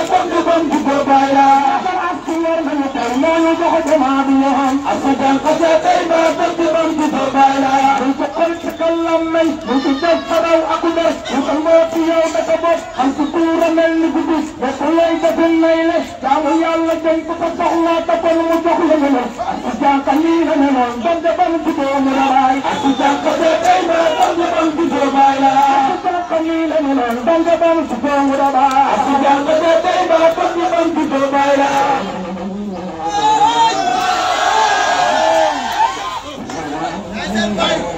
Thank you. yàlla may mu ci def faraw ak mer mu xamoo ci yow dafa bopp xam ku tuura mel ni guddi mais ku lay defin nay le jaamu yàlla dañ ko ko soxla te kon mu jox la ñu lool ak ku jànka lii la ne lool ban de ban bu doomu la raay ak ku jànka de tey ma ban de ban bu doomu la ak ku jànka lii la ne lool ban de ban bu doomu la raay ak ku jànka de tey ma ban de ban bu doomu la Bye.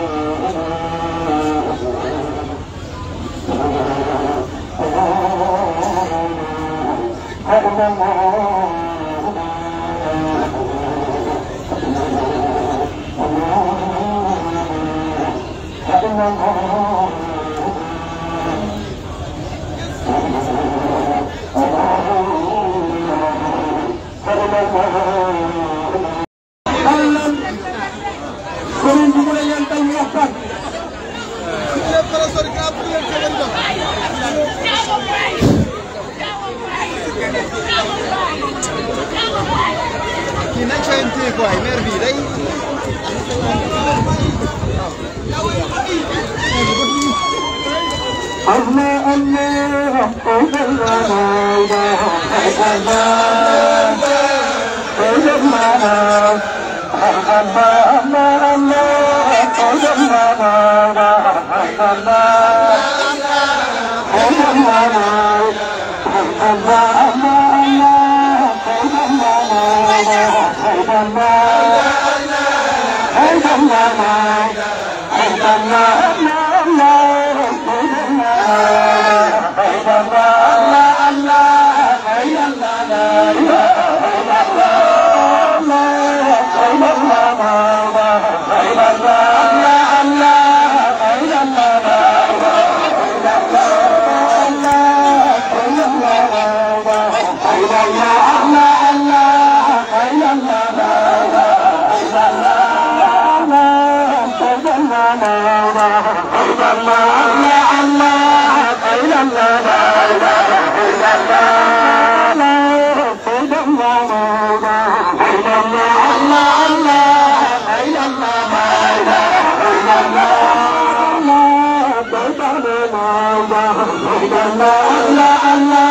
Oh, الله الله الله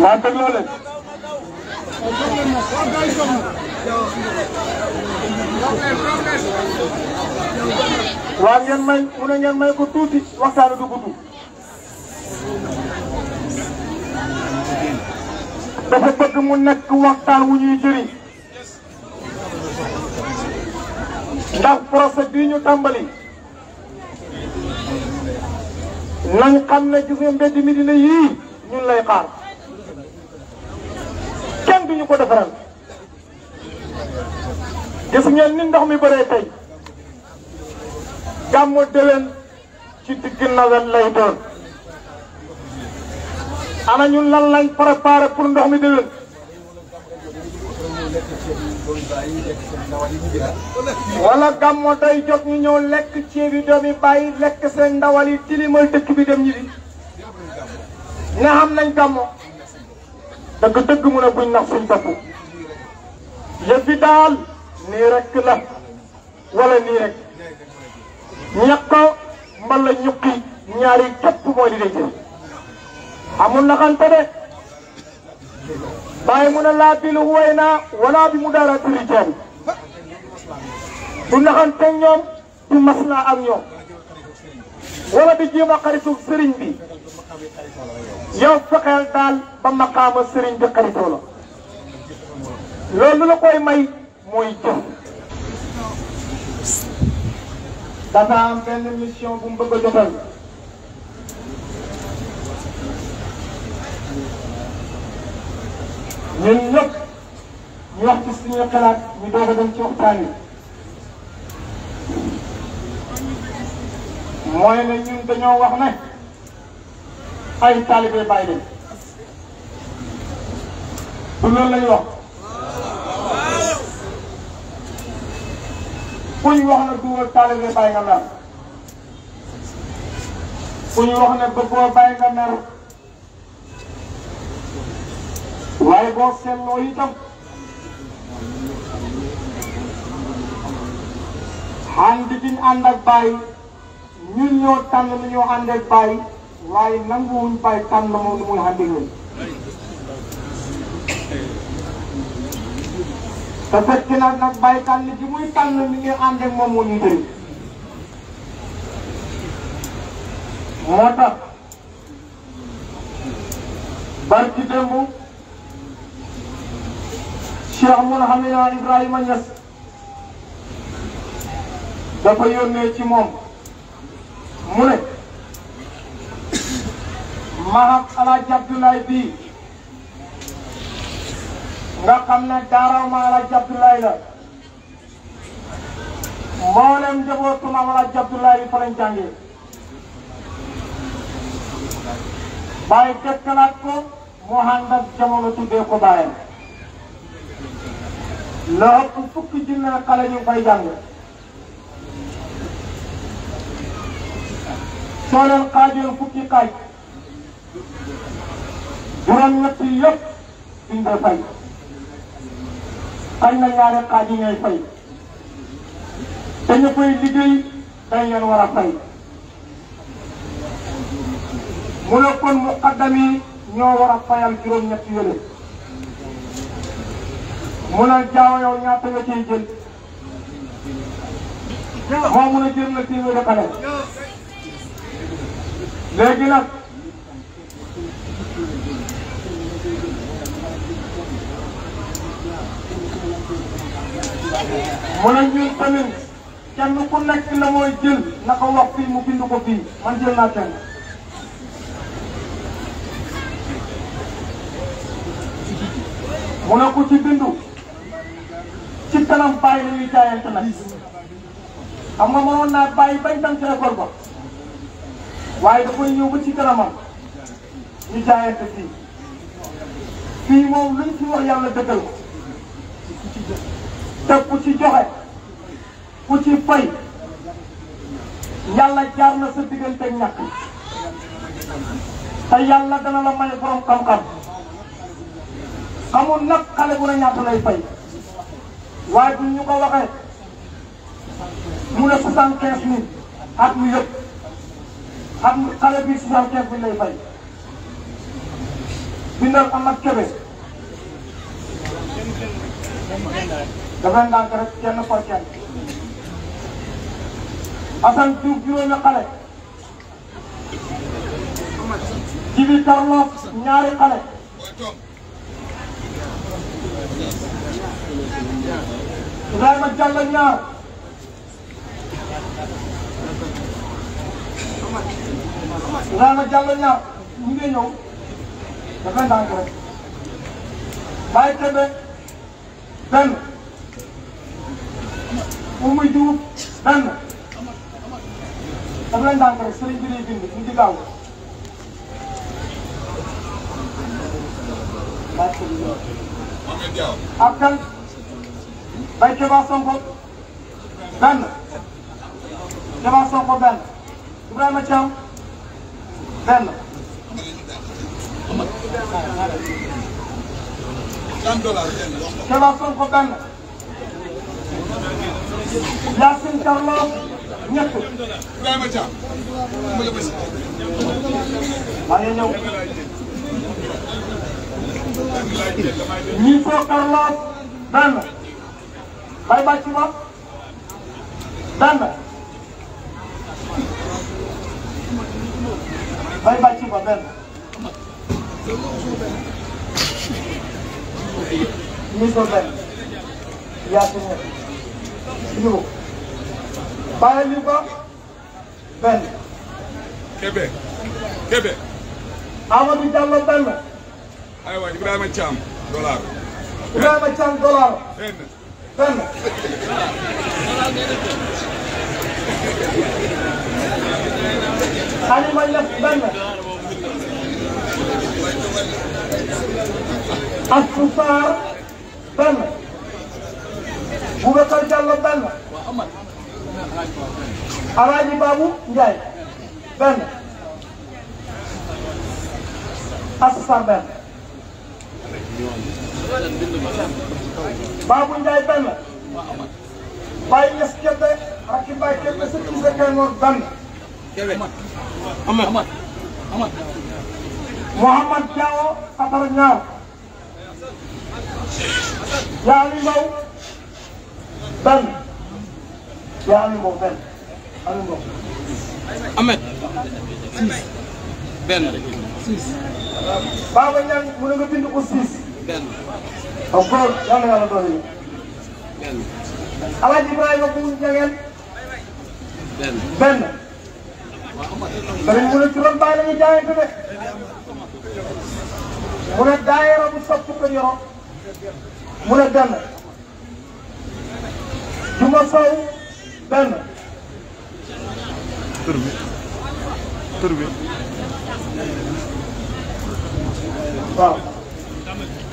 Wapaglolen. waaw ngeen may mu ne ngeen may ko tuuti waxtaanu du gudd. dafa bëgg mu nekk waxtaan wu ñuy jëriñ. ndax procès bii ñu tàmbali nañ xam ne gis nga mbedd mi dina yii ñun lay xaar kenn ñu ko defaral gis ngeen ni ndox mi bëree tey gàmmu déwén ci digg nawet lay doon ana ñun lan lañ préparé pour ndox mi déwén wala gàmmo day jot ñu ñëw lekk ceebi doomi bàyyi lekk seen ndawal yi tilimal dëkk bi dem ñibbi ne xam nañ gàmmo dëgg dëgg mu ne buñ nax suñ bopp yëf daal nii rek la wala nii rek ñàkk ko mbala ñukki ñaari képp mooy di dee jël amul naxante de bàyyi mu ne laa bil huwayna wala bi mu dara turi jaan du naxante ñoom du maslaa ak ñoom wala di jéem a xaritu bi yow fexeel daal ba maqaama sëriñ bi xaritoo loolu la koy may mooy jëf ñun ñu wax ci suñuy xalaat ñu doog a dem ci waxtaan wi mooy ne ñun dañoo wax ne ay taalibe bàyyi dem du loolu lañu wax ku ñu wax ne dugal taalibe bàyyi nga mer ku ñu wax ne bëggoo bàyyi nga mer waaye boo seetloo itam ànd biñ ànd ak bàyyi ñun ñoo tànn nu ñoo ànd ak bàyyi waaye nanguwuñ bàyyi tànn moom nu muy ànd ak ñun te fekk nag bàyyi tànn bi muy tànn mi ngi ànd ak moom moo ñu jëriñ moo tax barki démb Cheikh Mouhamadina Ibrahima Niass dafa yónnee ci moom mu ne maham Alaaji Abdoulaye bii nga xam ne daaraw ma Alaaji la mboolem bi fa lañ jàngee bàyyi dëkkalaat ko mu ànd ak jamono tuddee ko bàyyam la ëpp fukki junne xale ñu ngi koy jàng soo leen xaajoon fukki xaaj juróom-ñett yi yëpp duñ koy fay xañ na ñaari xaaj yi fay te ñu koy liggéey dañ leen war a fay mu ne kon muqaddam ñoo war a fayal juróom-ñett yële mu ne jaaw yow ñaata nga ciy jël moo mun a jël na téeméer ak alal léegi nag mu ne ñun tamit kenn ku nekk la mooy jël na ko wax fii mu bind ko fii man jël naa kenn mu ne ku ci bindu ci kanam bàyyi la ñuy jaayante nag xam nga mënoon naa bàyyi bañ dem ca école ba waaye dafay ñëw ba ci kanamam ñu jaayante fii fii moom luñ fi wax yàlla dëggal ko te ku ci joxe ku ci fay yàlla jaar na sa diggante ñàkk te yàlla dana la may borom xam-xam xamul nag xale bu ne ñaata lay fay. waaye bu ñu ko waxee mu ne soixante quinze mille at mu yëpp at mu xale bi soixante quinze mille lay fay bindal Amath Kébé dafay ndànk rek kenn par kenn Assane Diouf juróomi xale Jibi Carlos ñaari xale Ibrahima Diallo Niang Ibrahima Diallo Niang ñu ngi ñëw dafa ndànk rek bàyyi tebe benn Oumou Diouf benn dafa ndànk rek sëriñ bi lay bind mu ngi gaaw ak kan bay Keba Sonko benn Keba Sonko benn Ibrahima Thiam benn. Keba Sonko benn Yacine Carlo ñett. Ibrahima Thiam. maa ngi ñëw. ñi foo Carlo benn. may bàcc moom daan na may bàcc moom benn ñu ko benn yaatu ñëpp ñu bàyyi ñu ko benn. Kébé Kébé. Amadou Diallo benn. aywa Ibrahima Thiam dollar. Ibrahima Thiam dollar. benn. xaaral ma def benn. Astou Sarr benn. Boubacar Diallo benn. Alaaji Babou Ndiaye benn. Astou Sarr benn. Babou Ndiaye benn Baye Niass Kébé ak i Baye Kébé sa kii sa Kaynoor benn. Amath Amath Amath. Mouhamad Diawo Satara ñaar. Yaali Mbow benn. benn. Yaali benn. six. Baba Ndiaye mën nga bind ko six. benn. waaw góor yàlla yàlla doon benn. Alaaji Ibrahima bu mu jegeel. benn benn. danañ mën a juróom bàyyi la ñuy jaayante de. mu ne daayira bu soppi ko yoroo. mu ne benn. Juma Sow benn. tur bi tur bi. waaw.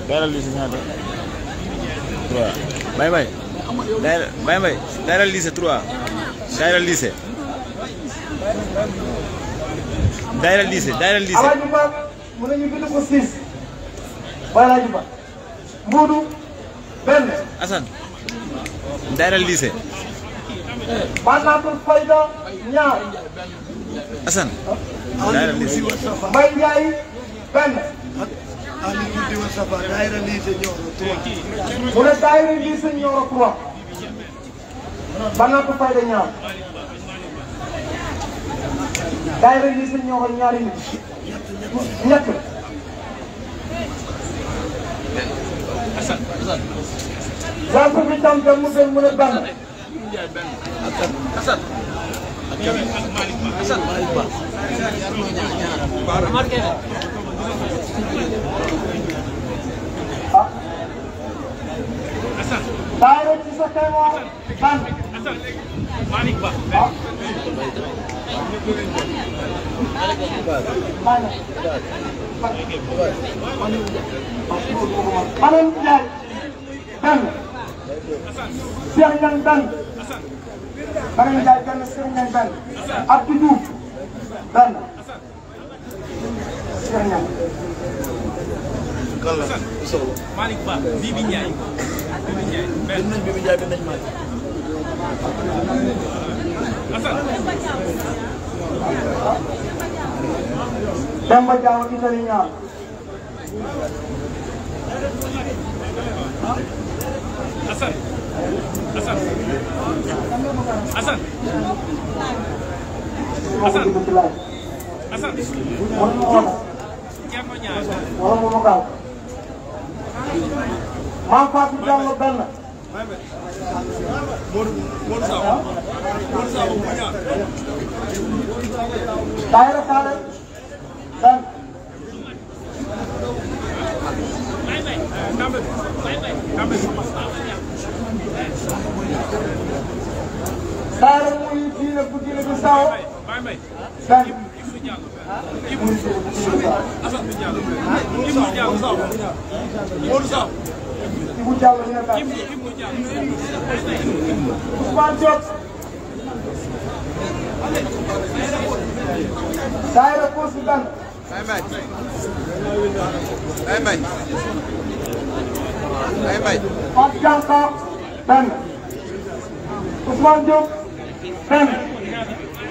dara lii si ñaata trois bay bay bay bay dara lii si trois dara lii si dara lii si dara lii si alaaju ba mën nañu bind ko six ba alaaju asan dara lii si maanaam fayda ñaar asan dara lii si mbay njaay benn Aliou Diwa Safa daayira Lycée Nioro 3. mu ne daayira Lycée Nioro 3. Banaatu fayda ñaar. daayira Lycée Nioro ñaari nit. ñett. wante bi tam tam mu gën mu ne benn. ak Malick Ba. daayira ci sa teewoon ban. Malick Ba. Manon Ndiaye. benn. Cheikh Ndiaye benn. Manon Ndiaye benn Cheikh Ndiaye Assalamualaikum. Malick Ba Bibi Ndiaye Bibi Ndiaye benn nañ Bibi Ndiaye benn nañ Malick Assane Demba Diaw ci sëriñ ñaar Assane Assane Assane maam Fatou Diallo benn. daayira Saare benn. daayira muy diine bu diine bi saw benn. Ibou Diallo ñu ne la. Ousmane Diop. Daayira Consultant. Baye Mbaye. Baye Mbaye. Baye Mbaye. Fatou Diakha benn. Ousmane Diop benn.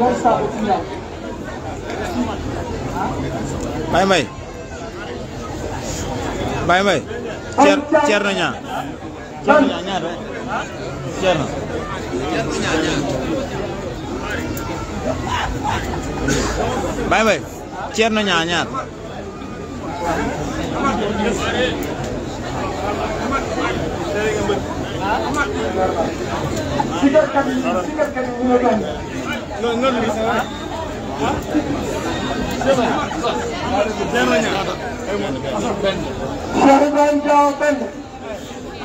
Baye Mbaye Baye Mbaye Cer Cerno ñaa Cerno ñaa ñaar Cerno Baye Mbaye Cerno ñaa ñaar Sigarkan, sigarkan bunga kan. non non lui ça va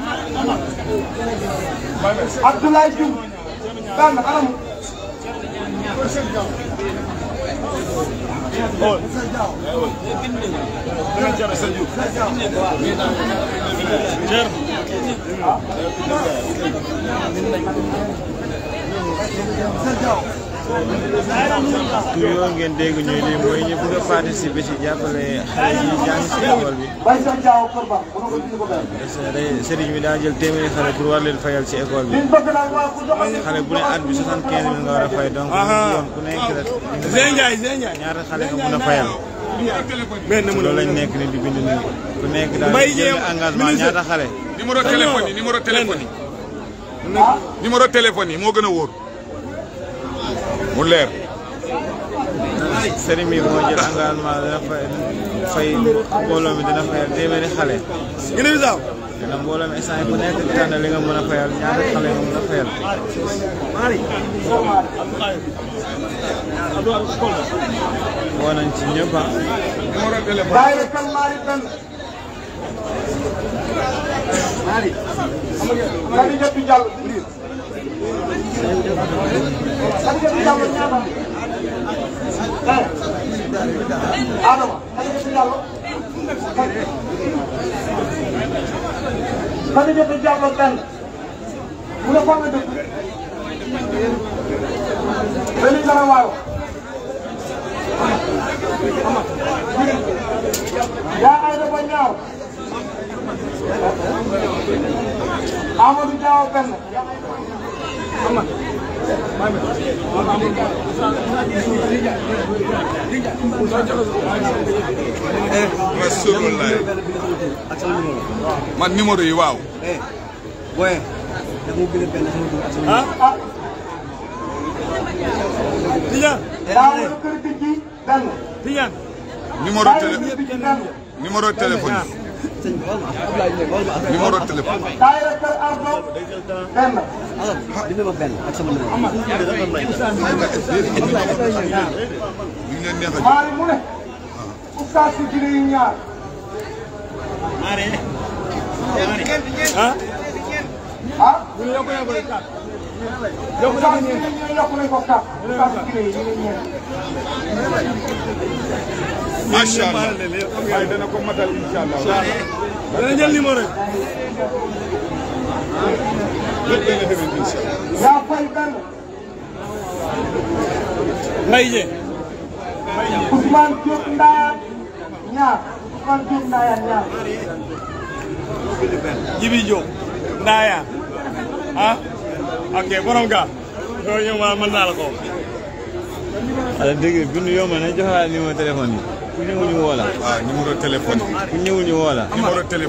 ah Abdoulaye Diouf benn anam Sergio toujours ngeen dégg ñuy lii mooy ñu bëgg a participer ci jàppale xale yi jàng ci école bi. sëriñ bi daa jël téeméeri xale pour war leen fayal ci école bi. xale bu ne at bi soixante-quinze mille nga war a fay donc. yoon nekk rek. ñaata xale nga mën a fayal. benn mën nekk ni di bind nii ku nekk daal jël engagement ñaata xale. numéro téléphone yi numéro téléphone yi ah. moo gën a wóor. mu leer. sëriñ bi moo a bisaaw. dina li a fayal a fayal. ci Adama xale def na jàmm ak benn mu ne foo nga dëkk benn dara waaw yaa ay dafa ñaaw Amadou Diaw benn ma sóoroon laay. man numéro yi waaw. booyee. ah. Tidiane. numéro téléphone. numéro téléphone. numéro téléphone. benn. di ma benn ak sama numéro. ñu ngi leen neex a. maari mu ne. oustaz si dina yu ñaar. maari. ah. ah. yokku nañ ko yokku nañ ko kàpp. oustaz si dina yi ñu ngi leen ñeent. macha allah waaye dana ko matal incha allah. jël numéro yi. lépp dana demee incha allah. Jibi Diop Ndayane ah ok borom ga loolu yow maa mën ko. dégg nga bi nu yow ma ne joxe naa numéro yi. ku ñëwul ñu woo la. waaw ah, numéro téléphone bi. ku ñëwul ñu woo la. yi.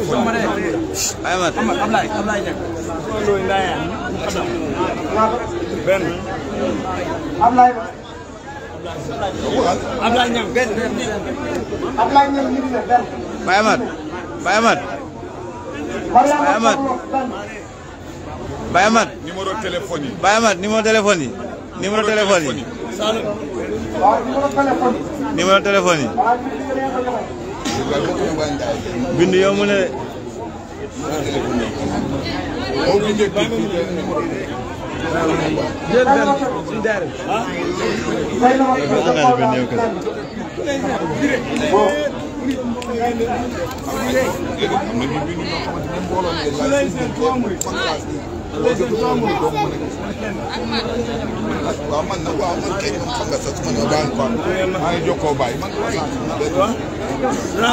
Baye Mat yi. numéro téléphone yi. bind yow mu ne. jërëjëf. waaw man nag waaw man kay xam nga sax su ma ñëw baal quoi maa jokkoo bàyyi man. waaw dinaa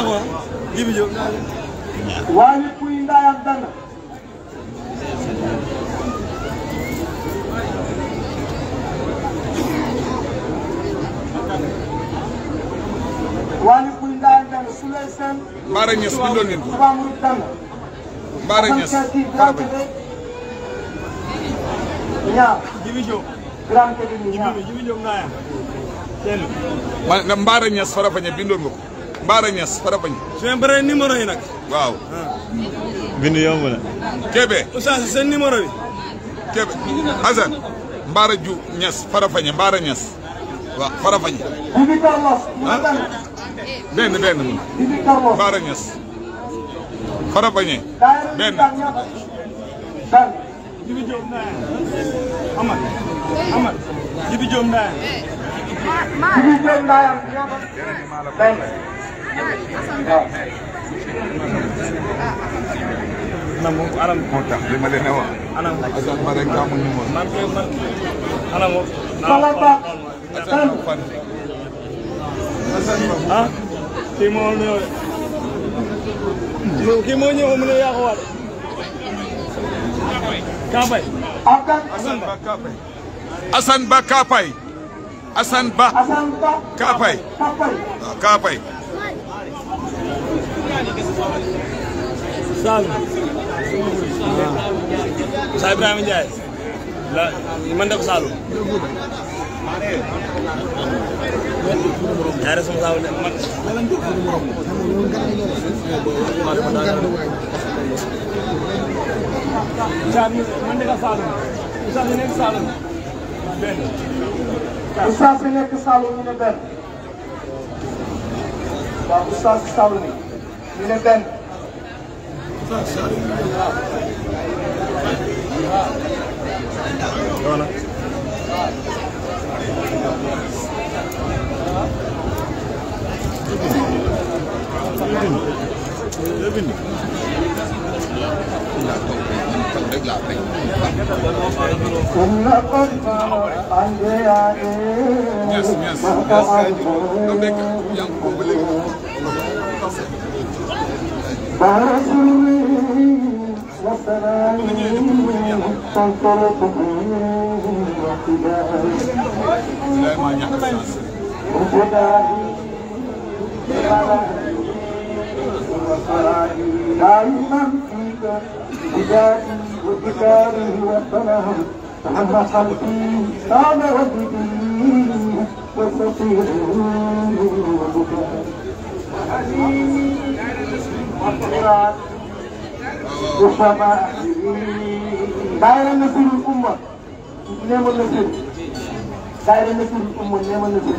ko wax ji bi jóg. waa nit kuy ndaayam dana. waa nit kuy ndaayam dana su lay seen. Mbaara Niass bindoo ñaar iya. grand Kédougou ñaar man Mbaara Niass Farafeñe bindoon nga ko Mbaara Niass Farafeñe. su ma bëree numéro yi nag. waaw. bindu yomb na. Kébé. Oustaz seen numéro bi. Kébé Assane. Mbaara Ben, ben. Farafeñe Mbaara Niass. Ben. Ben. Bibi Carlos. ah benn benn. Bibi Carlos Mbaara Niass. Farafeñe. benn. Jibi Diop naa Amar Amar Jibi Diop naa Jibi Diop naa thank na mo anam mo tax li ma leen wax anam ak ma rek amu ñu mo man kay man anam mo sala ba tan ah kii moo ñëw kii moo ñëw mu ne yaa ko war Asan Ba Kapai Asan Ba Kapai Kapai ah, Sa Ustaz Senek Saluni ne ben? Bak Ustaz Saluni. Yine ben. Ustaz Saluni. Yola. Thank you. la bind. yes yes yes kay di ko nekk yaa ngi ko ba léegi. vraiment ñàkk a دائما فيك بدائي وذكاره والسلام عن خلقي قام وجدي وسفيره وبكائي وحزيني والقران وسماء دائما نسير الامه نعم النسير دائما نسير الامه نعم النسير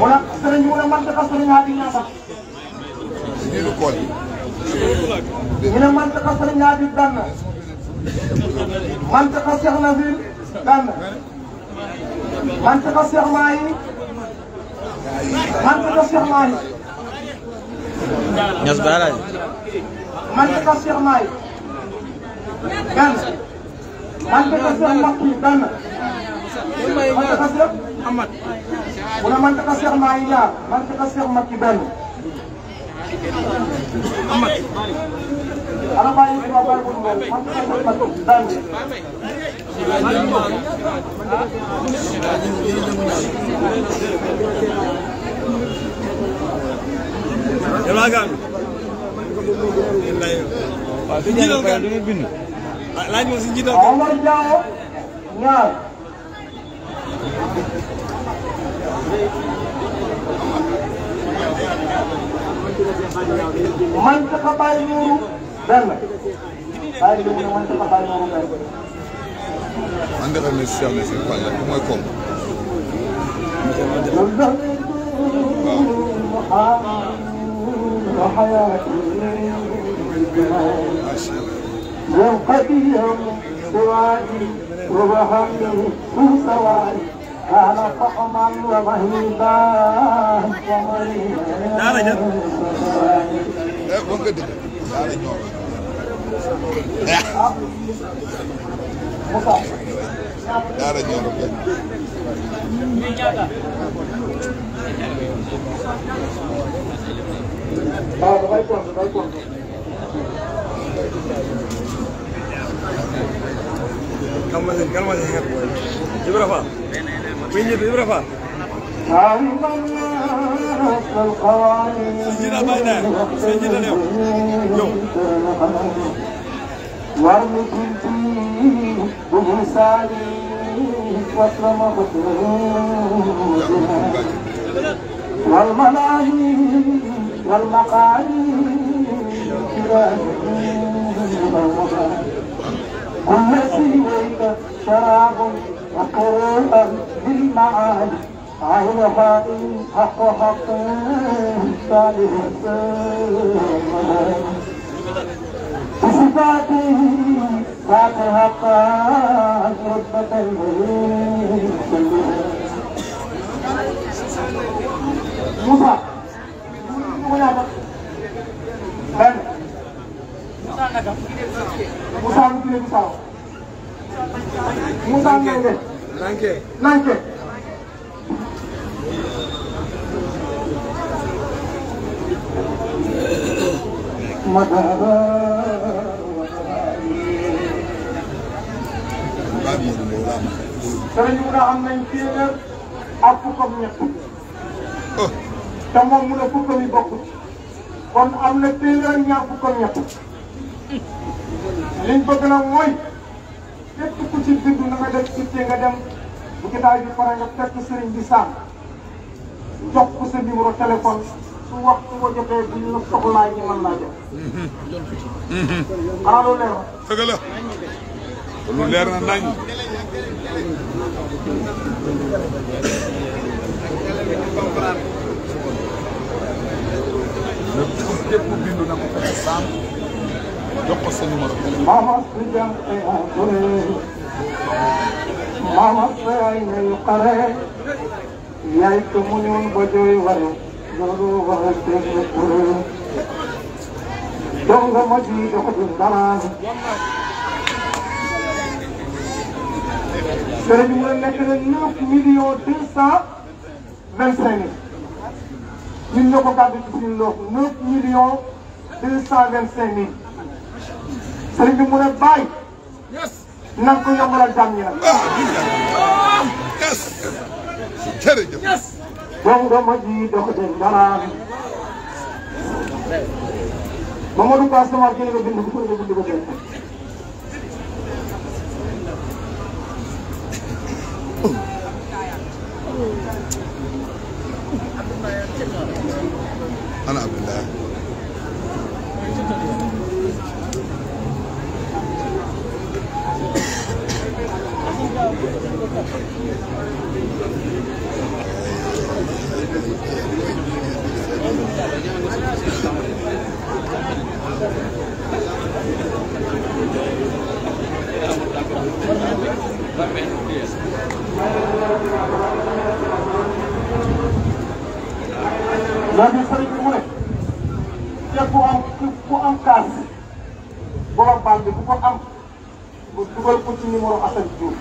wala sëriñ wala man dafa sëriñ haadi naa ba diiru kool ñu ne man dafa sëriñ haadi dan man dafa cheikh nazir dan man dafa cheikh maayi man dafa cheikh maayi ñas dan dan mantakas Sheikh Ahmad una mantakas Sheikh Maila mantakas Sheikh Makiban Ahmad Amat. bayi ko ba ko ngal mantakas Sheikh Makiban Jelagan. Pak, itu jangan kayak dulu bin. Lain masih jitu. Allah jauh. Nggak. منطقة باي نورو بلا باي نورو منطقة باي نورو بلا منطقة من الشيخ نسيب فالا كم يكون وحياتي وقد يوم سوادي ووهمي سوادي أنا فقما ومهيبا ومريبا Dara ñoro Waaw damay kontaan damay kontaan കമ്മൽ കമ്മൽ ഇബ്രഫ പിന്നെ ഇബ്രഫ سيدنا بينا سيدنا اليوم يوم وارم كنتي بمثالي واسلم بطره والملاهي والمقالي كرامي والذي إليك شراب وقراء بالمعاني عين حائل حق حق صالح بصفاته ذات حقا رتبة موسى من nagam. Moussa mu tuddee Moussa woo. Moussa Nange. Nange Nange. sëriñ bi nga xam nañ téeméer ak fukk ak ñett. te moom mu ne fukk mi bokk ci. kon am na téeméer ñaar fukk ak ñett. liñ bëgg nag mooy képp ku ci bindu na nga def ittee nga dem bu jotaay bi pare nga fekk sëriñ bi sàmm jox ko sa numéro téléphone su waxtu boo jotee bu ñu la soxlaa ñi mën laa jot. xanaa loolu leer na. dëgg la loolu leer na nañ. képp bindu na ko fekk sàmm. yokk sa numéro téléphone. Mama Sida Seya Touré Mama Seya yi ngay xare yaay ko mu ñëwoon ba jooy waree loolu war a déglu Touré donc ma ji dox du dara. sëriñ bi nekk na neuf millions deux cent vingt cinq mille. ñun ñoo ko gàddu ci suñu loxo neuf millions deux cent vingt cinq mille. sëriñ bi mu ne bàyyi na nga ko yombalal jàmm ñi nag. Ah, ah, jërëjëf. doomu doomu ji doxatee dara. Mamadou Ba Samar jëlee nga bind ko pour nga bind ko benn. ana Abdoulaye. Lagi sering mulai Dia kasih. Bola pandi, kuangkas Kutubal kucing ni moro asal juga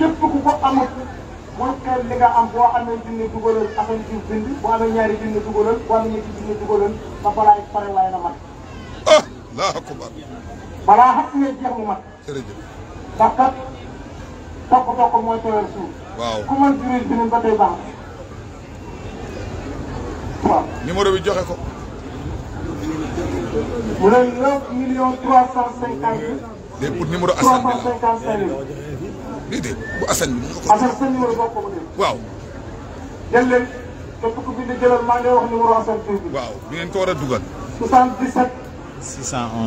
képp ku ko amul bul xeeb li nga am boo amee junni dugalal affaire bi bind boo amee ñaari dugalal boo amee ñetti dugalal ba balaay pare waaye na mat. ah laa akbar. balaa xam ne jeex mu mat. jërëjëf. ndax kat topp topp mooy tooyal ku mën juróomi junni ba tey baax. waaw. bi joxe ko. mu ne 9 millions 350. léegi pour numéro Assane déedéet bu Assane bi mun ko. Assane sa numéro boo ko mënee. jël leen képp ku bind jëlal maa ngi wax numéro Assane Diouf bi. waaw ngeen ko war a 611 611.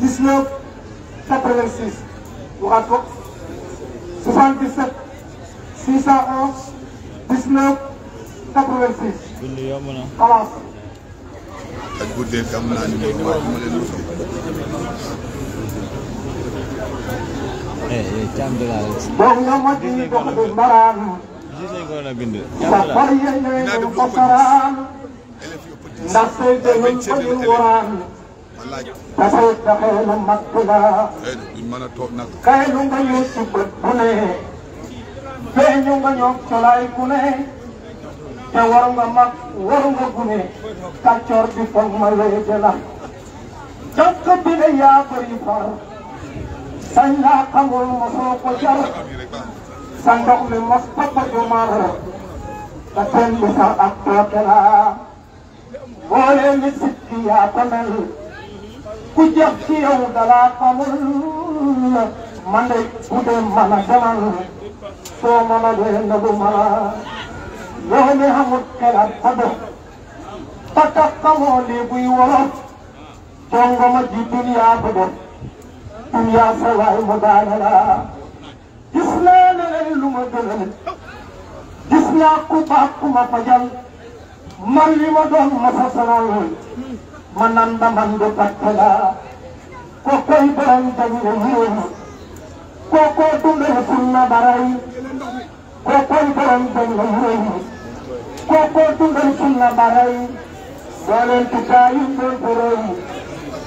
19 86. boobu yow ma ji gox bi mbaraan. ko saraan. ndax de ñun ko ñu waraan. dafay dafay lu mag kay lu nga bët bu bee ñu nga colaay ku ne. nga mag war nga gune. kàccoor bi foog ma lay de la. jokk bi yaa bëri sañ laa xamul mosoo ko jar sa ndox mi mos papa du mar te kenn du sax ak tooke laa yaa ko mel ku ci yow dala xamul man de bu dee mën a ma la yow mi xamul xelaat ba dox ba tax xamoo lii buy wolof jongo ma ji duniyaa ko yaa sa waay mu daane gis naa leneen lu ma gënal gis naa ku baax ma fajal man li ma doon ma sa ma nan man du pàcc laa ko koy borom jagleel réew ko ko dundee sunna baray ko koy borom jagleel réew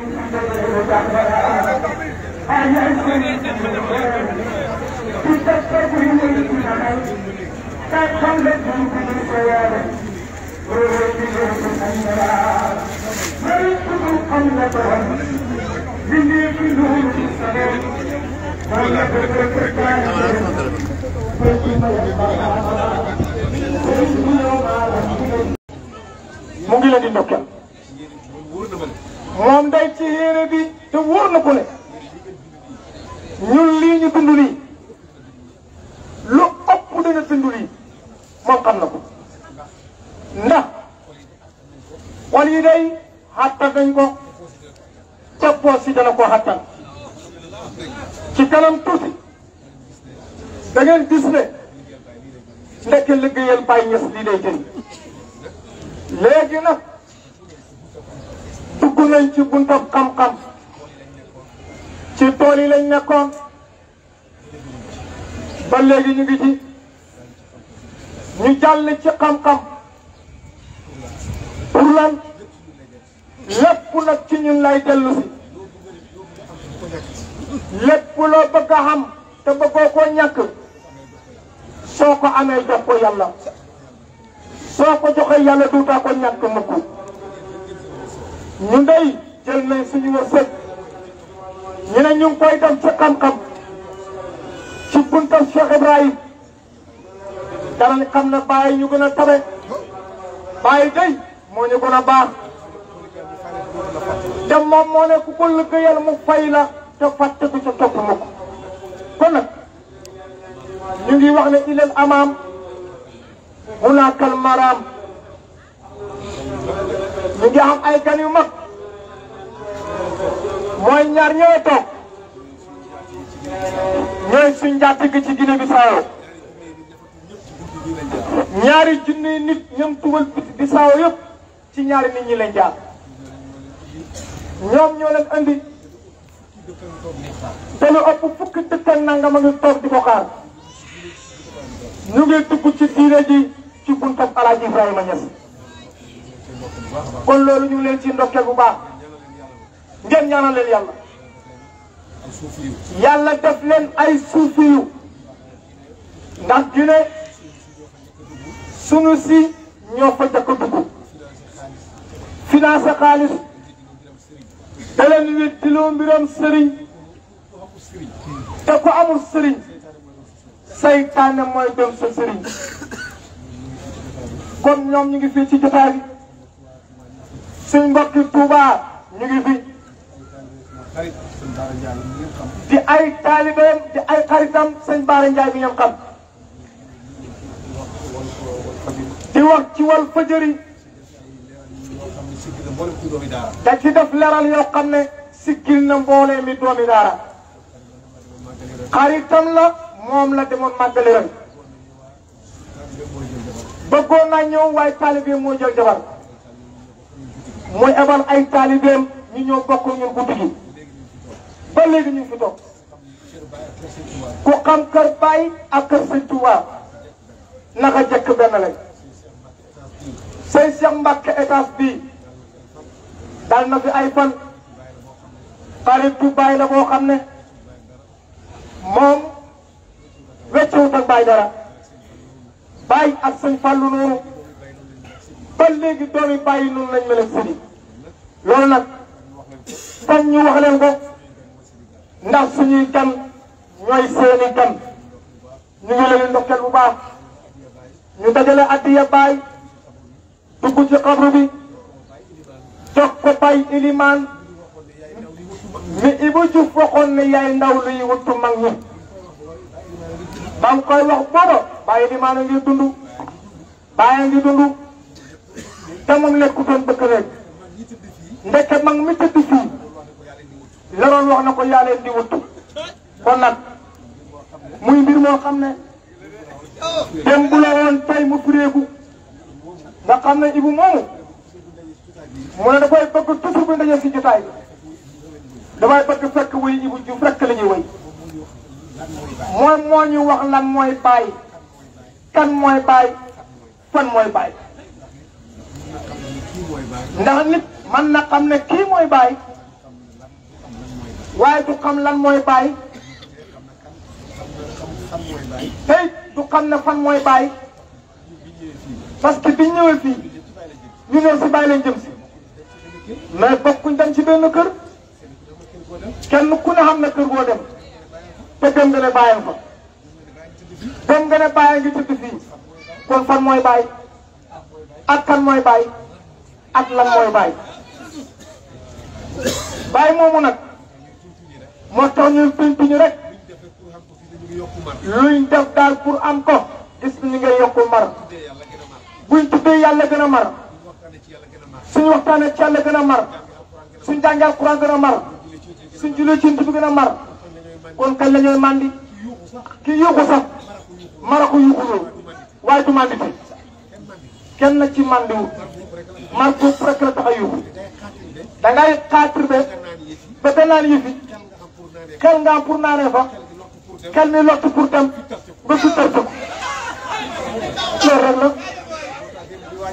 mu ngi leen di ndokkal moom day ci yéene bi te wóor na ko ne ñun lii ñu dund lii lu ëpp dana dund lii moom xam na ko ndax xol yi day xàttan nañ ko ca poos yi dana ko xàttan ci kanam tuuti da ngeen gis ne ndekk liggéeyal bàyyi ñes lii day jëriñ léegi nag dugg nañ ci buntab xam-xam ci tool yi lañ nekkoon ba léegi ñu ngi ñu jàll ci xam-xam pour lan lépp nag ci ñun lay dellu si lépp loo bëgg a xam te bëggoo koo ñàkk soo ko amee jox ko yàlla soo ko joxee yàlla duutaa ko ñàkk mukk ñu ndey jël nañ suñu wërsëg ñu ne ñu ngi koy dem ci xam-xam ci buntam Cheikh Ibrahim dara ni xam na bàyyi ñu gën a tabe bàyyi day moo ñu gën a baax dem moom moo ne ku ko liggéeyal mu fay la te fàtte du ca topp mukk kon nag ñu ngi wax ne ilal amaam hunakal maraam ñu ngi am ay gan yu mag mooy ñaar ñoo toog ñooy suñ njàttig ci Guinée Bissau ñaari junni nit ñam tugal yëpp ci ñaari nit ñi lañ jaar ñoom ñoo leen andi te ëpp fukki dëkk nangam a toog di ko xaar ñu ngi dugg ci diine ji ci buntam Alaaji Ibrahima kon loolu ñu leen ci ndokkeel bu baax ngeen ñaanal leen yàlla yàlla def leen ay suufi yu ndax Guinée sunu si ñoo fa jëkk dugg financé xaalis da leen nit di loo mbiram sëriñ te ku amul sëriñ saytaane mooy dem sa sëriñ kon ñoom ñu ngi fii ci jotaay bi suñ mbokki Touba ñu ngi fi di ay taalibeem di ay xaritam sëñ Baara Ndiaye bi ñoom xam di wax ci wal fajëri da ci def leral yoo xam ne siggil na mboolee mi doomi daara xaritam la moom la demoon màggali ren naa ñëw waaye taalibe moo jël jabar muy ebal ay taalibeem ñu ñëw bokk ñun guddi gi ba léegi ñu ngi fi toog ku xam kër Baay ak kër Sëñ Tuubaa naka jëkk benn lañ say Seex Mbàkke étage bii daal na fi ay fan xarit bu Baay la boo xam ne moom weccuwut ak dara Baay ak Sëñ Fallu noonu ba léegi doomi bàyyi noonu lañ mel ak loolu nag fan ñu ndax suñuy kan ñooy seeni kan ñu ngi leen ndokkeel bu baax ñu dajale addiya baay dugg ci xabru bi jox ko ilimaan mi Ibu Juuf waxoon ne yaay ndaw luy wuttu mag ñi ba mu koy wax ilimaan a ngi dund baay ngi dund te moom nekkutoon bëgg rek ndeke mag mi tëdd fii laroon wax na ko yaa leen di wut kon nag muy mbir moo xam ne dem bu la woon tey mu fureeku nga xam ne Ibou moomu mu ne dafay bëgg toujours bu ndaje si jotaay bi dafay bëgg fekk wuy Ibou Diouf rek la ñuy wéy moom moo ñu wax lan mooy bàyyi kan mooy bàyyi fan mooy bàyyi ndax nit man na xam ne kii mooy baay waaye du xam lan mooy baay tey du xam ne fan mooy baay parce que bi ñëwee fii ñu ne si baay lañ jëm si mais bokkuñ dem ci benn kër kenn ku ne xam ne kër goo dem te gëm nga ne bàyyi fa gëm nga ne bàyyi ngi tëdd fii kon fan mooy baay ak kan mooy baay. ak lan mooy bàyyi bàyyi moomu nag moo tax ñuy pimpiñu rek luñ def daal pour am ko gis ni ngay yokku mar buñ tuddee yàlla gën a mar suñ waxtaanee ci yàlla gën a mar suñ jàngee alxuraan gën a mar suñ julee ci yonent bi gën a mar kon kañ la ki yuuxu sax mara ko yuuxu loolu waaye du mandi fi kenn ci mandiwul man suuf rek la tax a yóbbu da ngay xaatir be ba te naan yëfi xel nga am pour naanee fa xel ni lott pour dem ba su tër tëb loolu rek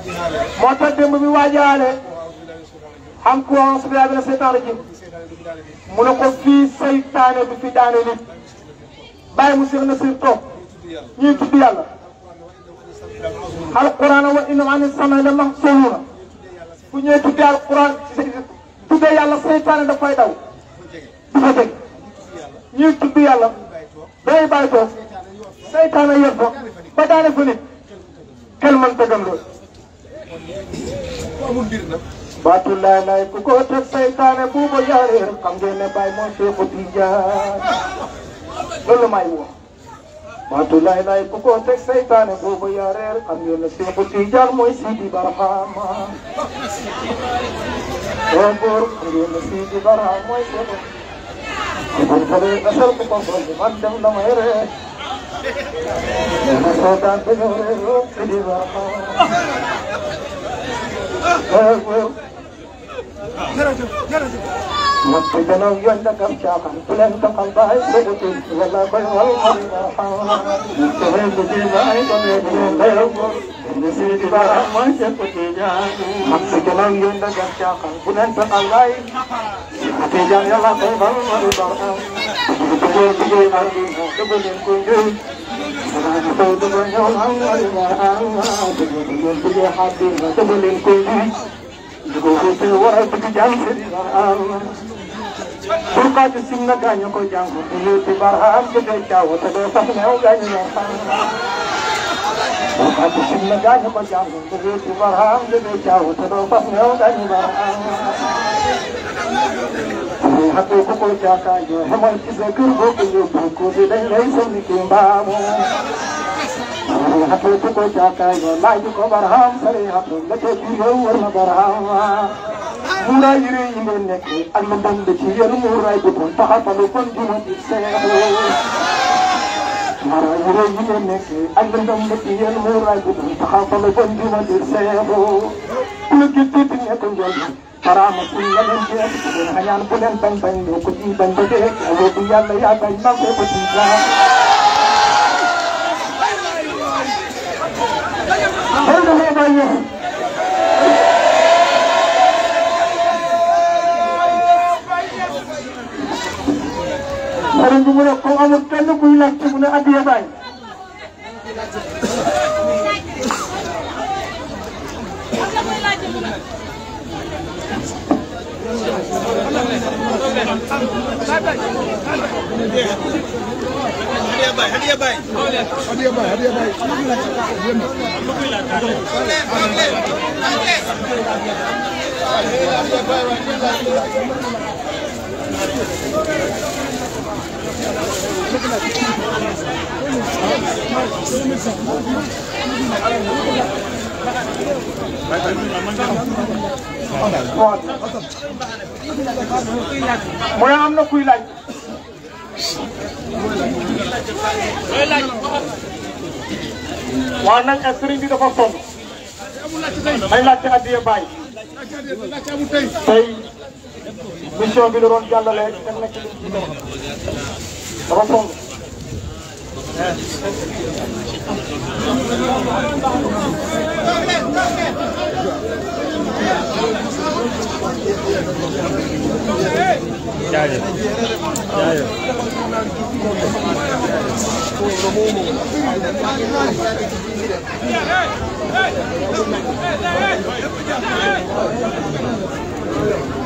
la moo tax démb bi waajaale am ku wax bi la seetaan la jëm mu ne ko fii saytaane bi fi daane nit bàyyi mu seex na sir toog ñuy tudd yàlla alquran wa innahum an sam'i la mahsusuun bu ñëwee tuddee alquran tuddee yàlla seytaane daf du fa dégg ñuy tudd yàlla day bàyyi toog seytaane yor ko ba daane fa nit kenn mënta gëm loolu baatu ku ko teg seytaane bu ko yaaree xam ngeen ne bàyyi moo loolu may wax baatu lay lay bu ko teg seytaane boobu yaa reer xam ngeen ne Seexu Tijaan mooy Sidi Barhama oo góor xam ngeen ne Sidi Barhama mooy Seexu kon fële asal bu ko boole man dem damay reer seytaan bi ñëw reer oo Sidi Barhama mosut jëlaw yoon dàggam caaxaan bu leen doxal ba ay bëgg yàlla koy wal mooy arxam. mosut leen di ji ba ay doxee bu leen dayoo ko. indi si di ba am mooy ceeb bi jaan. mosut jëlaw yoon dàggam caaxaan bu leen doxal ba ay. mosut jaan yàlla koy wal mooy arxam. mosut jëlaw liggéey ak lii moom dëgg leen ko njëriñ. maanaam soo dëgg ñëw am mooy arxam. dëgg leen liggéey ak lii moom dëgg leen ko njëriñ. dëgg ko te war a dëgg jaan seen arxam. Turka ti singa ganyo ko jangu Diyo ti barha am ti gai chawo Tado sa meo ganyo yo Turka ti singa ganyo ko jangu Diyo ti barha am ti gai chawo Tado sa meo ganyo barha Hatu ko ko chaka yo Hemai ti zekir go ki yo Buku di dai lai so ni kimbamu Hatu ko ko chaka yo Lai ko barham sare hatu Lato ki yo warna barham Hatu ಊರಾಗಿರಿ ಇನ್ನೊಂದಕ್ಕೆ ಅಲ್ಲ ಬಂದಕ್ಕೆ ಏನು ಊರಾಗಿದ್ದು ತಹಪಲು ಕೊಂದಿನ ಮರಾಗಿರಿ ಇನ್ನೊಂದಕ್ಕೆ ಅಲ್ಲ ಬಂದಕ್ಕೆ ಏನು ಊರಾಗಿದ್ದು ತಹಪಲು ಕೊಂದಿನ ಸೇವೋ ಕುಲುಕಿತ್ತು ತಿನ್ಯ ಕೊಂಜಲ್ಲಿ Parama kullalan ke cikin hanyar kulan tantan da kuɗi ban da ke kawo kuyar da ya kai nan ko kuɗi ba. Hold the head on orang mo kau kung amag ka langsung buhilag ko muna baik, mu ne am na kuy laaj. waaw nañ sëriñ bi dafa sonn. nañ laajte addiya bàyyi. tey. mission bi la doon jàllale dem na ci li ci doon dafa sonn Jaajëf jaajëf jaajëf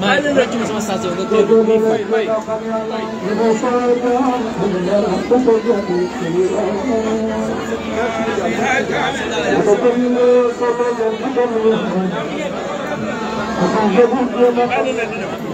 Mas ele tinha uma sensação do que ele foi, foi. Thank